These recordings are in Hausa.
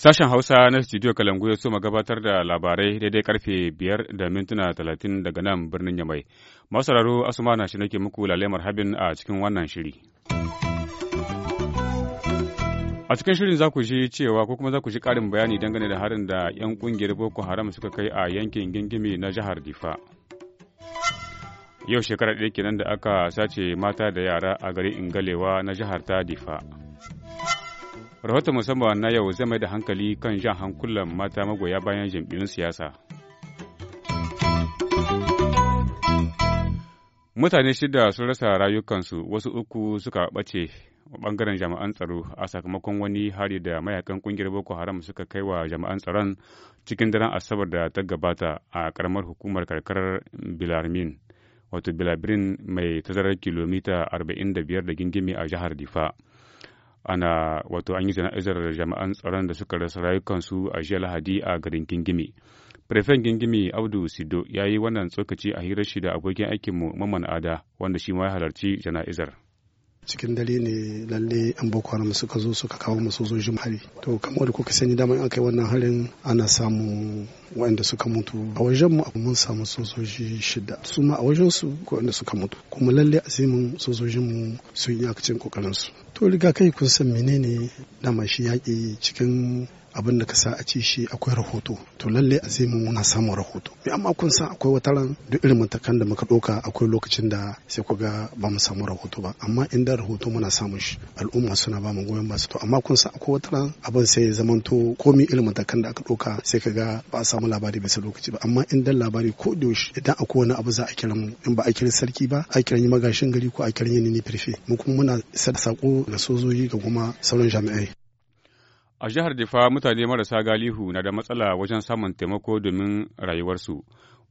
Sashen Hausa na studio Kalangu ya so gabatar da labarai daidai karfe biyar da mintuna talatin daga nan birnin Yamai. Masu sauraro Asuma na shi nake muku lalemar habin a cikin wannan shiri. A cikin shirin za ku ji cewa ko kuma za ku ji ƙarin bayani dangane da harin da 'yan ƙungiyar Boko Haram suka kai a yankin gingimi na jihar Difa. Yau shekara ɗaya kenan da aka sace mata da yara a garin Ingalewa na jihar ta Difa. Rahoton musamman na yau zai mai da hankali kan jan hankulan mata magoya bayan jam'iyyun siyasa. Mutane shida sun rasa rayukansu wasu uku suka ɓace bangaren jami'an tsaro a sakamakon wani hari da mayakan kungiyar boko haram suka kai wa jami'an tsaron cikin daren asabar da ta gabata a karamar hukumar karkarar bilarmin wato bilabirin mai tazarar kilomita 45 da gingimi a jihar difa ana wato an yi jana'izar jami'an tsaron da suka rasa rayukansu a jiya lahadi a garin gingimi Prefen Gingimi audu Sido ya yi wannan tsokaci a hirar shi da abokin aikinmu Maman Ada wanda shi ma ya halarci jana'izar. cikin dare ne lalle an boko haram suka zo suka kawo masu zojin hari to kamar da kuka sani dama an kai wannan harin ana samu waɗanda suka mutu a wajen mu mun samu sojoji shida su ma a wajen su waɗanda suka mutu kuma lalle asimin sojojin mu sun yi akacin kokarin su to riga kai kun san menene dama shi yaƙi cikin abin da ka sa a ci shi akwai rahoto to lalle a sai mun muna samun rahoto mai eh, amma kun san akwai wata ran duk irin matakan da muka ɗauka akwai lokacin da sai ku ga ba mu samu rahoto ba amma in da rahoto muna samun shi al'umma suna ba mu goyon ba su to amma kun san akwai wata ran abin sai ya zamanto komi irin matakan da aka ɗauka sai ka ga ba a samu labari bisa lokaci ba amma in labari ko da yaushe idan akwai wani abu za a kira mu in ba a kira sarki ba a kira magashin gari ko a kira ni firfe mu kuma muna sa sako ga sojoji ga kuma sauran jami'ai A jihar Difa mutane marasa galihu na da matsala wajen samun taimako domin rayuwarsu.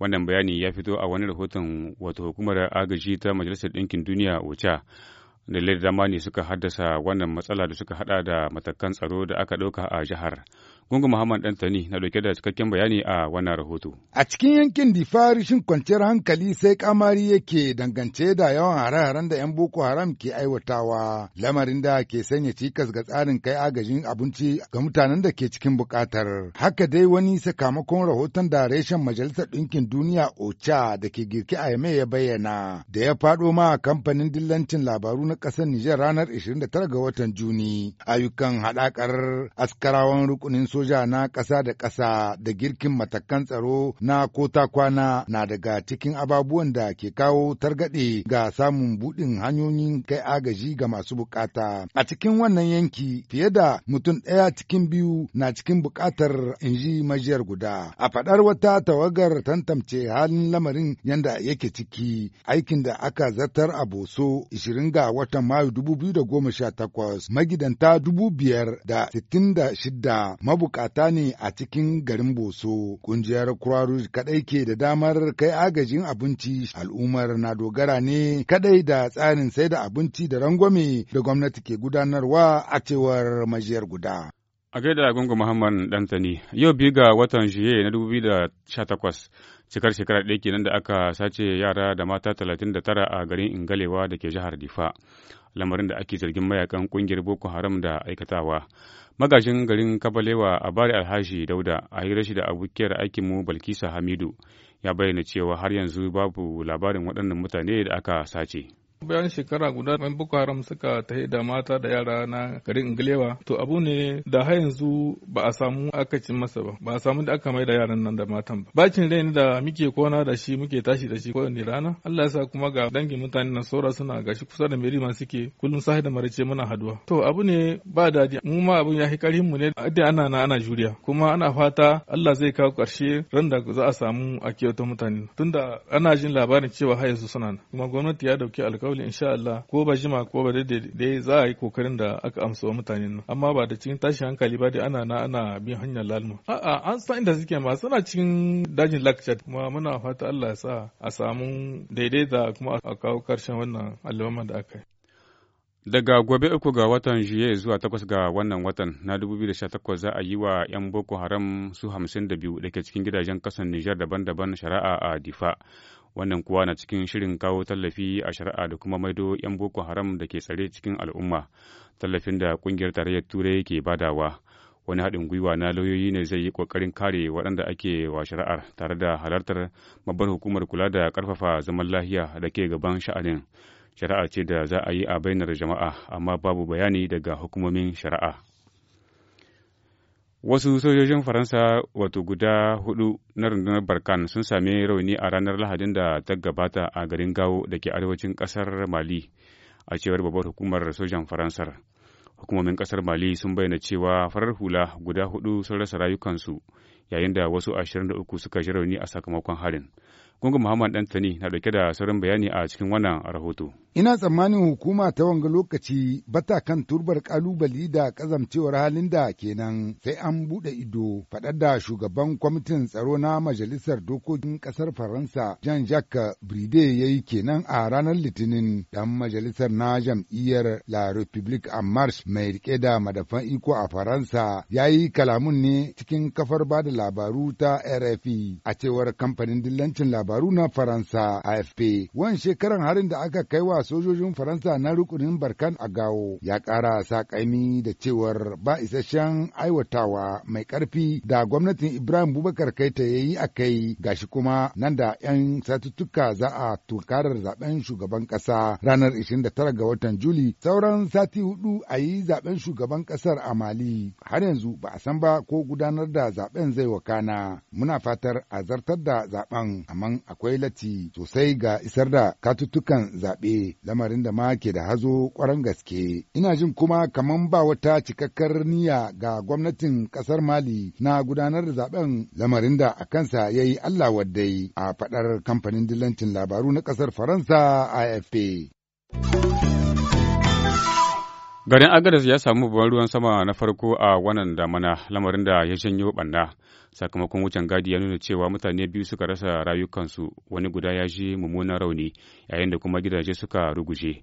Wannan bayani ya fito a wani rahoton wata hukumar agaji ta Majalisar Ɗinkin Duniya wuce. Dalilai da dama ne suka haddasa wannan matsala da suka hada da matakan tsaro da aka ɗauka a jihar. Gungun Muhammad Dantani na dauke da cikakken bayani a wannan rahoto. A cikin yankin Difa kwanciyar hankali sai kamari yake dangance da yawan hare-haren da 'yan Boko Haram ke aiwatawa, lamarin da ke sanya cikas ga tsarin kai agajin abinci ga mutanen da ke cikin bukatar. Haka dai wani sakamakon rahoton da reshen Majalisar Ɗinkin Duniya OCHA da ke girki a Yame ya bayyana da ya faɗo ma kamfanin dillancin labaru na ƙasar Nijar ranar 29 ga watan Juni. Ayyukan haɗakar askarawan rukunin soja na ƙasa da ƙasa da girkin matakan tsaro na kota kwana na daga cikin ababuwan da ke kawo targaɗe ga samun buɗin hanyoyin kai agaji ga masu bukata. A cikin wannan yanki fiye da mutum ɗaya cikin biyu na cikin buƙatar inji majiyar guda. A faɗar wata tawagar tantance halin lamarin yanda yake ciki aikin da aka zartar a Boso ishirin ga watan Mayu takwas, magidanta dubu biyar da sittin da shidda. mabukata ne a cikin garin Boso. Kungiyar Kuraru kadai ke da damar kai agajin abinci al'ummar na dogara ne kadai da tsarin sai da abinci da rangwame da gwamnati ke gudanarwa a cewar majiyar guda. A gaida gungun Muhammad Dantani, yau biyu ga watan Juye na 2018, cikar shekara ɗaya kenan da aka sace yara da mata 39 a garin Ingalewa da ke jihar Difa, lamarin da ake zargin mayakan kungiyar Boko Haram da aikatawa. Magajin garin Kabalewa a bari Alhaji Dauda a hira shi da abokiyar aikinmu Balkisa Hamidu ya bayyana cewa har yanzu babu labarin waɗannan mutane da aka sace. bayan shekara guda mai boko haram suka ta da mata da yara na garin ingilewa to abu ne da har yanzu ba a samu aka cin masa ba ba a samu da aka mai da yaran nan da matan ba bakin rai da muke kona da shi muke tashi da shi kowane rana Allah ya sa kuma ga dangin mutane na saura suna gashi kusa da merima suke kullum sahi da marace muna haduwa to abu ne ba dadi mu ma abun ya karhin mu ne da ana na ana juriya kuma ana fata Allah zai kawo karshe ran da za a samu a kiyota mutane tunda ana jin labarin cewa har yanzu suna kuma gwamnati ya dauki alkawari alkawali insha Allah ko ba jima ko ba dai za a yi kokarin da aka amsa wa mutanen nan amma ba da cikin tashin hankali ba dai ana na ana bin hanyar lalma a'a an san inda suke ma suna cikin dajin lakchat kuma muna fata Allah ya sa a samu daidai da kuma a kawo karshen wannan alwama da aka yi Daga gobe uku ga watan Juye zuwa takwas ga wannan watan na 2018 za a yi wa 'yan Boko Haram su biyu da ke cikin gidajen kasan Nijar daban-daban shari'a a Difa. wannan kuwa na cikin shirin kawo tallafi a shari'a da kuma maido 'yan boko haram da ke tsare cikin al'umma tallafin da kungiyar tarayyar turai ke badawa wani haɗin gwiwa na lauyoyi ne zai yi ƙoƙarin kare waɗanda ake wa shari'ar tare da halartar babbar hukumar kula da ƙarfafa zaman lahiya da ke gaban sha'anin shari'a ce da za a yi a bainar jama'a amma babu bayani daga hukumomin shari'a Wasu sojojin Faransa wato guda hudu na rundunar Barkan sun sami rauni a ranar Lahadin da ta gabata a garin Gawo da ke arewacin ƙasar Mali a cewar babbar hukumar sojan Faransar. Hukumomin ƙasar Mali sun bayyana cewa farar hula guda hudu sun rasa rayukansu yayin da wasu 23 suka ji rauni a sakamakon harin. Gungun Muhammad Dantani na dauke da sauran bayani a cikin wannan rahoto. Ina tsammanin hukuma ta wanga lokaci bata kan turbar kalubali da kazamcewar halin da kenan sai an bude ido faɗar da shugaban kwamitin tsaro na majalisar dokokin ƙasar Faransa Jean-Jacques Bride ya yi kenan a ranar Litinin dan majalisar na jam'iyyar La République en Marche mai rike da madafan iko a Faransa ya yi kalamun ne cikin kafar bada labaru ta RFI a cewar kamfanin dillancin labaru na Faransa AFP. Wan shekaran harin da aka kai wa sojojin Faransa na rukunin Barkan a Gawo ya ƙara sa da cewar ba isasshen aiwatawa mai ƙarfi da gwamnatin Ibrahim Bubakar Kaita ya yi a kai gashi kuma nan da 'yan satuttuka za a tunkarar zaben shugaban ƙasa ranar 29 ga watan Juli sauran sati hudu a yi zaben shugaban ƙasar a Mali har yanzu ba a san ba ko gudanar da zaben zai zai wakana muna fatar a zartar da zaben amma akwai lati sosai ga isar da katuttukan zaɓe lamarin da ma ke da hazo kwaran gaske. Ina jin kuma kaman ba wata cikakkar niyya ga gwamnatin ƙasar Mali na gudanar da zaben lamarin da a kansa ya yi Allah waddai a faɗar kamfanin dillancin labaru na ƙasar Faransa AFP. Garin Agadas ya samu babban ruwan sama na farko a wannan damana lamarin da ya janyo banna Sakamakon wucin gadi ya nuna cewa mutane biyu suka rasa rayukansu wani guda ya ji mummunan rauni yayin da kuma gidaje suka ruguje.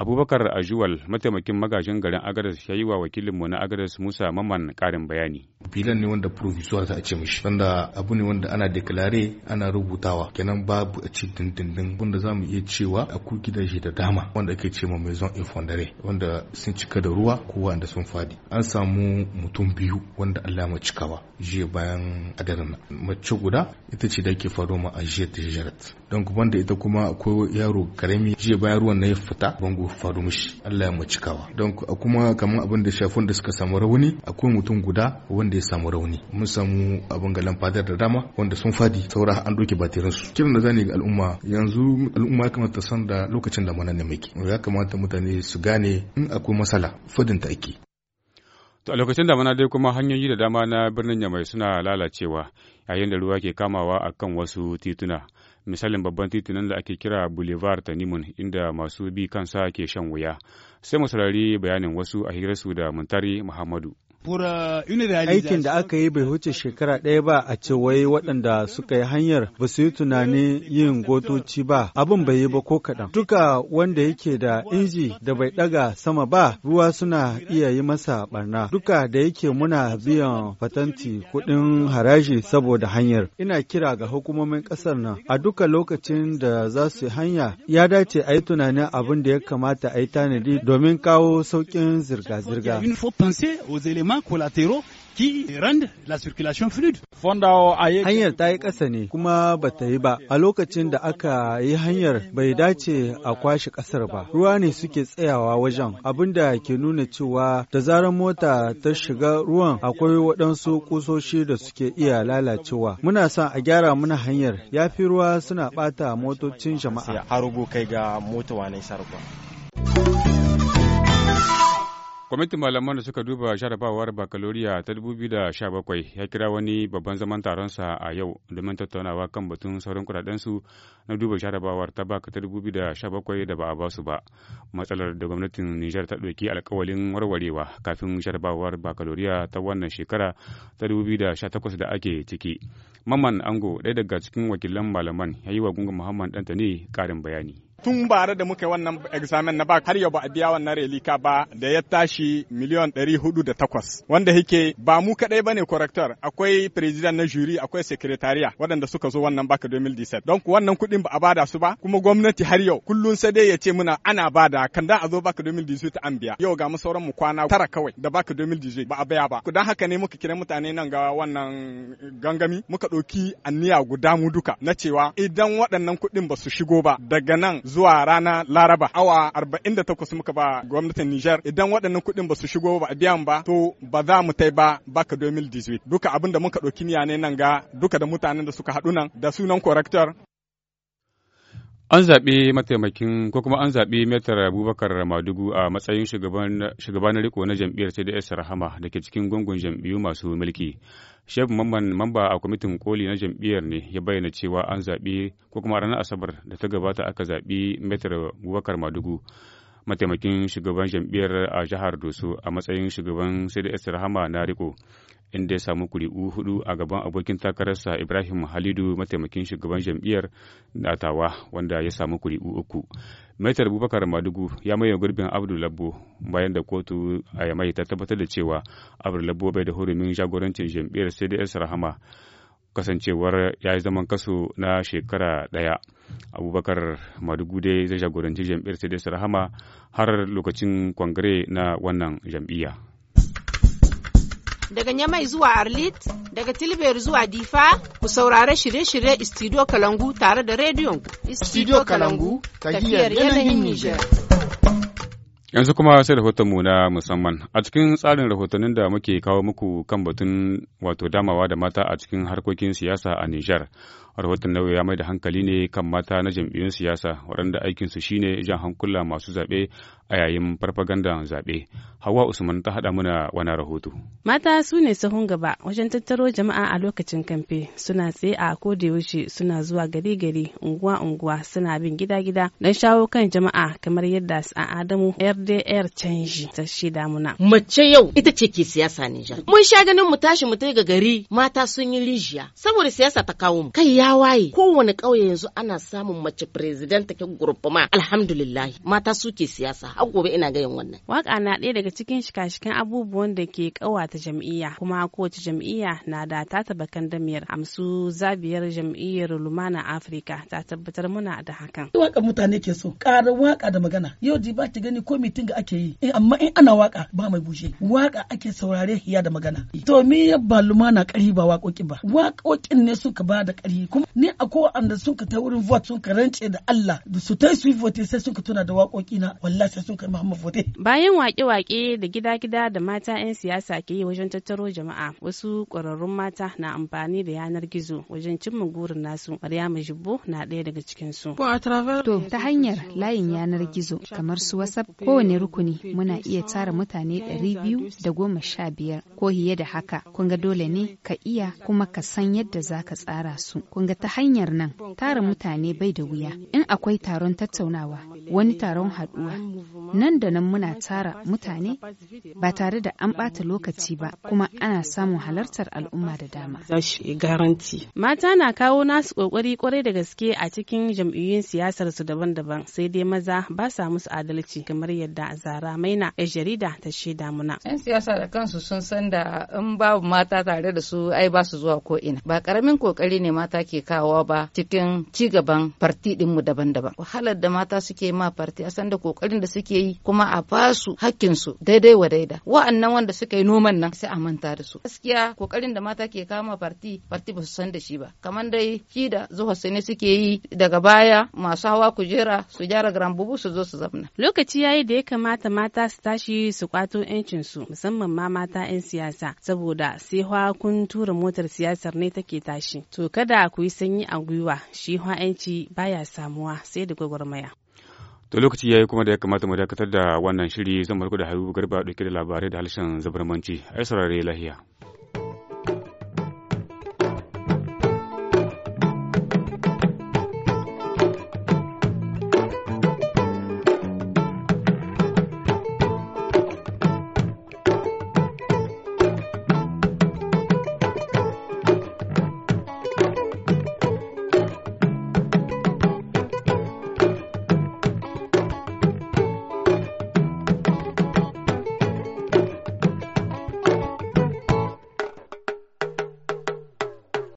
Abubakar Ajuwal mataimakin magajin garin Agadas ya yi wa wakilinmu na Agadas Musa Maman Karin bayani. Filan ne wanda provisoire ta ce mishi wanda abu ne wanda ana deklare ana rubutawa kenan babu a ci dindindin wanda za mu iya cewa a ku shi da dama wanda ake ce ma maison infondare wanda sun cika da ruwa ko wanda sun fadi an samu mutum biyu wanda Allah ma cikawa jiya bayan adarin mace guda ita ce da ke faro ma a jiya ta don wanda ita kuma akwai yaro karami jiya bayan ruwan na ya fita bango faru mishi Allah ya mu cikawa don kuma kamar abin da shafin da suka samu rauni akwai mutum guda wanda ya samu rauni mun samu abin galan fadar da dama wanda sun fadi saura an doke batirin su kiran da zani ga al'umma yanzu al'umma ya kamata san da lokacin da mana ne muke ya kamata mutane su gane in akwai masala fadin ta ake To a lokacin da mana dai kuma hanyoyi da dama na birnin Yamai suna lalacewa yayin da ruwa ke kamawa akan wasu tituna. misalin babban titunan da ake kira boulevard ta tanimun inda masu bi kansa ke shan wuya sai mu saurari bayanin wasu a hirarsu da muntari muhammadu Aikin da aka yi bai wuce shekara ɗaya ba a ce wai waɗanda suka yi hanyar ba su yi tunanin yin gotoci ba, abin bai yi ba ko kaɗan. Duka wanda yake da inji da bai ɗaga sama ba, ruwa suna iya yi masa barna Duka da yake muna biyan fatanti kuɗin haraji saboda hanyar. Ina kira ga hukumomin ƙasar nan a duka lokacin da za su hanya ya dace a yi tunanin abin da ya kamata a yi tanadi domin kawo sauƙin zirga-zirga. éléments collatéraux qui rendent la circulation fluide. Hanyar ta yi ƙasa ne kuma ba ta yi ba. A lokacin da aka yi hanyar bai dace a kwashe ƙasar ba. Ruwa ne suke tsayawa wajen abin da ke nuna cewa da zarar mota ta shiga ruwan akwai waɗansu kusoshi da suke iya lalacewa. Muna son a gyara mana hanyar ya fi ruwa suna ɓata motocin jama'a. kai ga mota sarkwa. Kwamitin malaman da suka duba jarabawar bakaloriya ta 2017 ya kira wani babban zaman taronsa a yau domin tattaunawa kan batun sauran kudadensu na duba jarabawar ta baka ta 2017 da ba a basu ba. Matsalar da gwamnatin Nijar ta ɗauki alkawalin warwarewa kafin jarabawar bakaloriya ta wannan shekara ta 2018 da ake ciki. Maman Ango ɗaya daga cikin wakilan malaman ya yi wa Gunga Muhammad ne ƙarin bayani. tun bara da muka wannan examen na ba har yau ba a biya wannan relika ba da ya tashi miliyan ɗari hudu da takwas wanda yake ba mu kaɗai ba ne corrector akwai president na juri akwai secretariat waɗanda suka zo wannan baka 2017 don wannan kuɗin ba a bada su ba kuma gwamnati har yau Kullum sai dai ya ce muna ana bada kan da a zo baka 2018 an biya yau ga mu sauran mu kwana tara kawai da baka 2018 ba a biya ba Kudan haka ne muka kira mutane nan ga wannan gangami muka ɗauki anniya guda mu duka na cewa idan waɗannan kuɗin ba su shigo ba daga nan zuwa rana Laraba awa arba'in da 48 muka ba gwamnatin Nijar idan waɗannan kuɗin ba su shigo ba a biya ba to ba za mu tai ba baka 2018 duka abin da muka ɗauki niyya ne nan ga duka da mutanen da suka haɗu nan da sunan corrector An zaɓi mataimakin ko kuma an zaɓi Metar Abubakar Madugu a matsayin shugaban riko na jam'iyyar CDS Rahama da ke cikin gungun jam'iyyu masu mulki. Shehu Mamman mamba a kwamitin koli na jam'iyyar ne ya bayyana cewa an zaɓi ko kuma ranar Asabar da ta gabata aka zaɓi Metar Abubakar Madugu mataimakin shugaban jam'iyyar a jihar Doso a matsayin shugaban CDS Rahama na riko. inda ya samu kuri'u hudu a gaban abokin takararsa Ibrahim Halidu mataimakin shugaban jam'iyyar Natawa wanda ya samu kuri'u uku. Maitar Abubakar Madugu ya maye gurbin Abdul Labbo bayan da kotu a Yamai ta tabbatar da cewa Abdul Labbo bai da hurumin jagorancin jam'iyyar CDS Rahama. kasancewar ya yi zaman kaso na shekara ɗaya abubakar madugu dai zai jagoranci jam'iyyar sai rahama har lokacin kwangare na wannan jam'iyya. daga Nyamai zuwa Arlit, daga Tilber zuwa Difa, ku saurare shirye-shirye Studio Kalangu tare da rediyon Studio Kalangu, tafiyar yanayin Nijar. Yanzu kuma sai rahotonmu na musamman a cikin tsarin rahotannin da muke kawo muku kan batun wato damawa da mata a cikin harkokin siyasa a Nijar. Rahoton na ya mai da hankali ne kan mata na jam'iyyun siyasa waɗanda aikinsu shine jan hankula masu zaɓe a yayin farfagandan zabe, Hawa Usman ta hada mana wani rahoto. Mata su ne sahun gaba wajen tattaro jama'a a lokacin kamfe suna tsaye a ko da yaushe suna zuwa gari-gari unguwa-unguwa suna bin gida-gida don shawo kan jama'a kamar yadda a Adamu RDR canji ta shida muna. Mace yau ita ce ke siyasa Nijar. Mun sha ganin mu tashi mu ga gari mata sun yi rijiya saboda siyasa ta kawo mu. Kai ya waye kowane ƙauye yanzu ana samun mace president take gurfuma alhamdulillah mata ke siyasa a' gobe ina gayin wannan waka na ɗaya daga cikin shika shikin abubuwan da ke kawata jam'iyya kuma kowace jam'iyya na da ta taba damiyar amsu zabiyar jam'iyyar lumana afirka ta tabbatar muna da hakan waka mutane ke so ƙarar waka da magana yau ji ba ki gani ko mitin ga ake yi amma in ana waka ba mai bushe waka ake saurare ya da magana to me ya ba lumana ƙarfi ba waƙoƙi ba waƙoƙin ne suka ba da ƙarfi kuma ni a kowanne sun ka ta wurin vote sun ka rance da Allah da su ta su vote sai suka tuna da waƙoƙi na wallahi sai Muhammad Fote. Bayan waƙe-waƙe da gida-gida da mata 'yan siyasa ke yi wajen tattaro jama'a wasu ƙwararrun mata na amfani da yanar gizo wajen cimma gurin nasu Maryama Jibbo na ɗaya daga cikin su. To ta hanyar layin yanar gizo kamar su WhatsApp kowane rukuni muna iya tara mutane ɗari biyu da goma sha biyar ko hiye da haka kun ga dole ne ka iya kuma ka san yadda za ka tsara su kun ga ta hanyar nan tara mutane bai da wuya in akwai taron tattaunawa wani taron haɗuwa nan da nan muna tara mutane ba tare da an bata lokaci ba kuma ana samun halartar al'umma da dama. Mata na kawo nasu ƙoƙari ƙwarai da gaske a cikin jam'iyyun siyasar su daban-daban sai dai maza ba sa musu adalci kamar yadda Zara Maina ya jarida ta shaida muna. 'Yan siyasa da kansu sun san da in babu mata tare da su ai ba su zuwa ko ina ba karamin kokari ne mata ke kawo ba cikin ci gaban farti ɗinmu daban-daban. Wahalar da mata suke ma farti a san da kokarin da suke yi kuma a basu hakkin su daidai wa daida wa'annan wanda suka yi noman nan sai a manta da su gaskiya kokarin da mata ke kama farti farti ba su san da shi ba kamar dai shi da zuwa ne suke yi daga baya masu hawa kujera su gyara bubu su zo su zamna lokaci yayi da ya kamata mata su tashi su kwato yancin su musamman ma mata yan siyasa saboda sai kun tura motar siyasar ne take tashi to kada ku yi sanyi a gwiwa shi yanci baya samuwa sai da gwagwarmaya To lokaci yayi yi kuma da ya kamata mu dakatar da wannan shiri zan barku da Habibu Garba dauke da labarai da harshen zabarmanci. Ai saurare lahiya.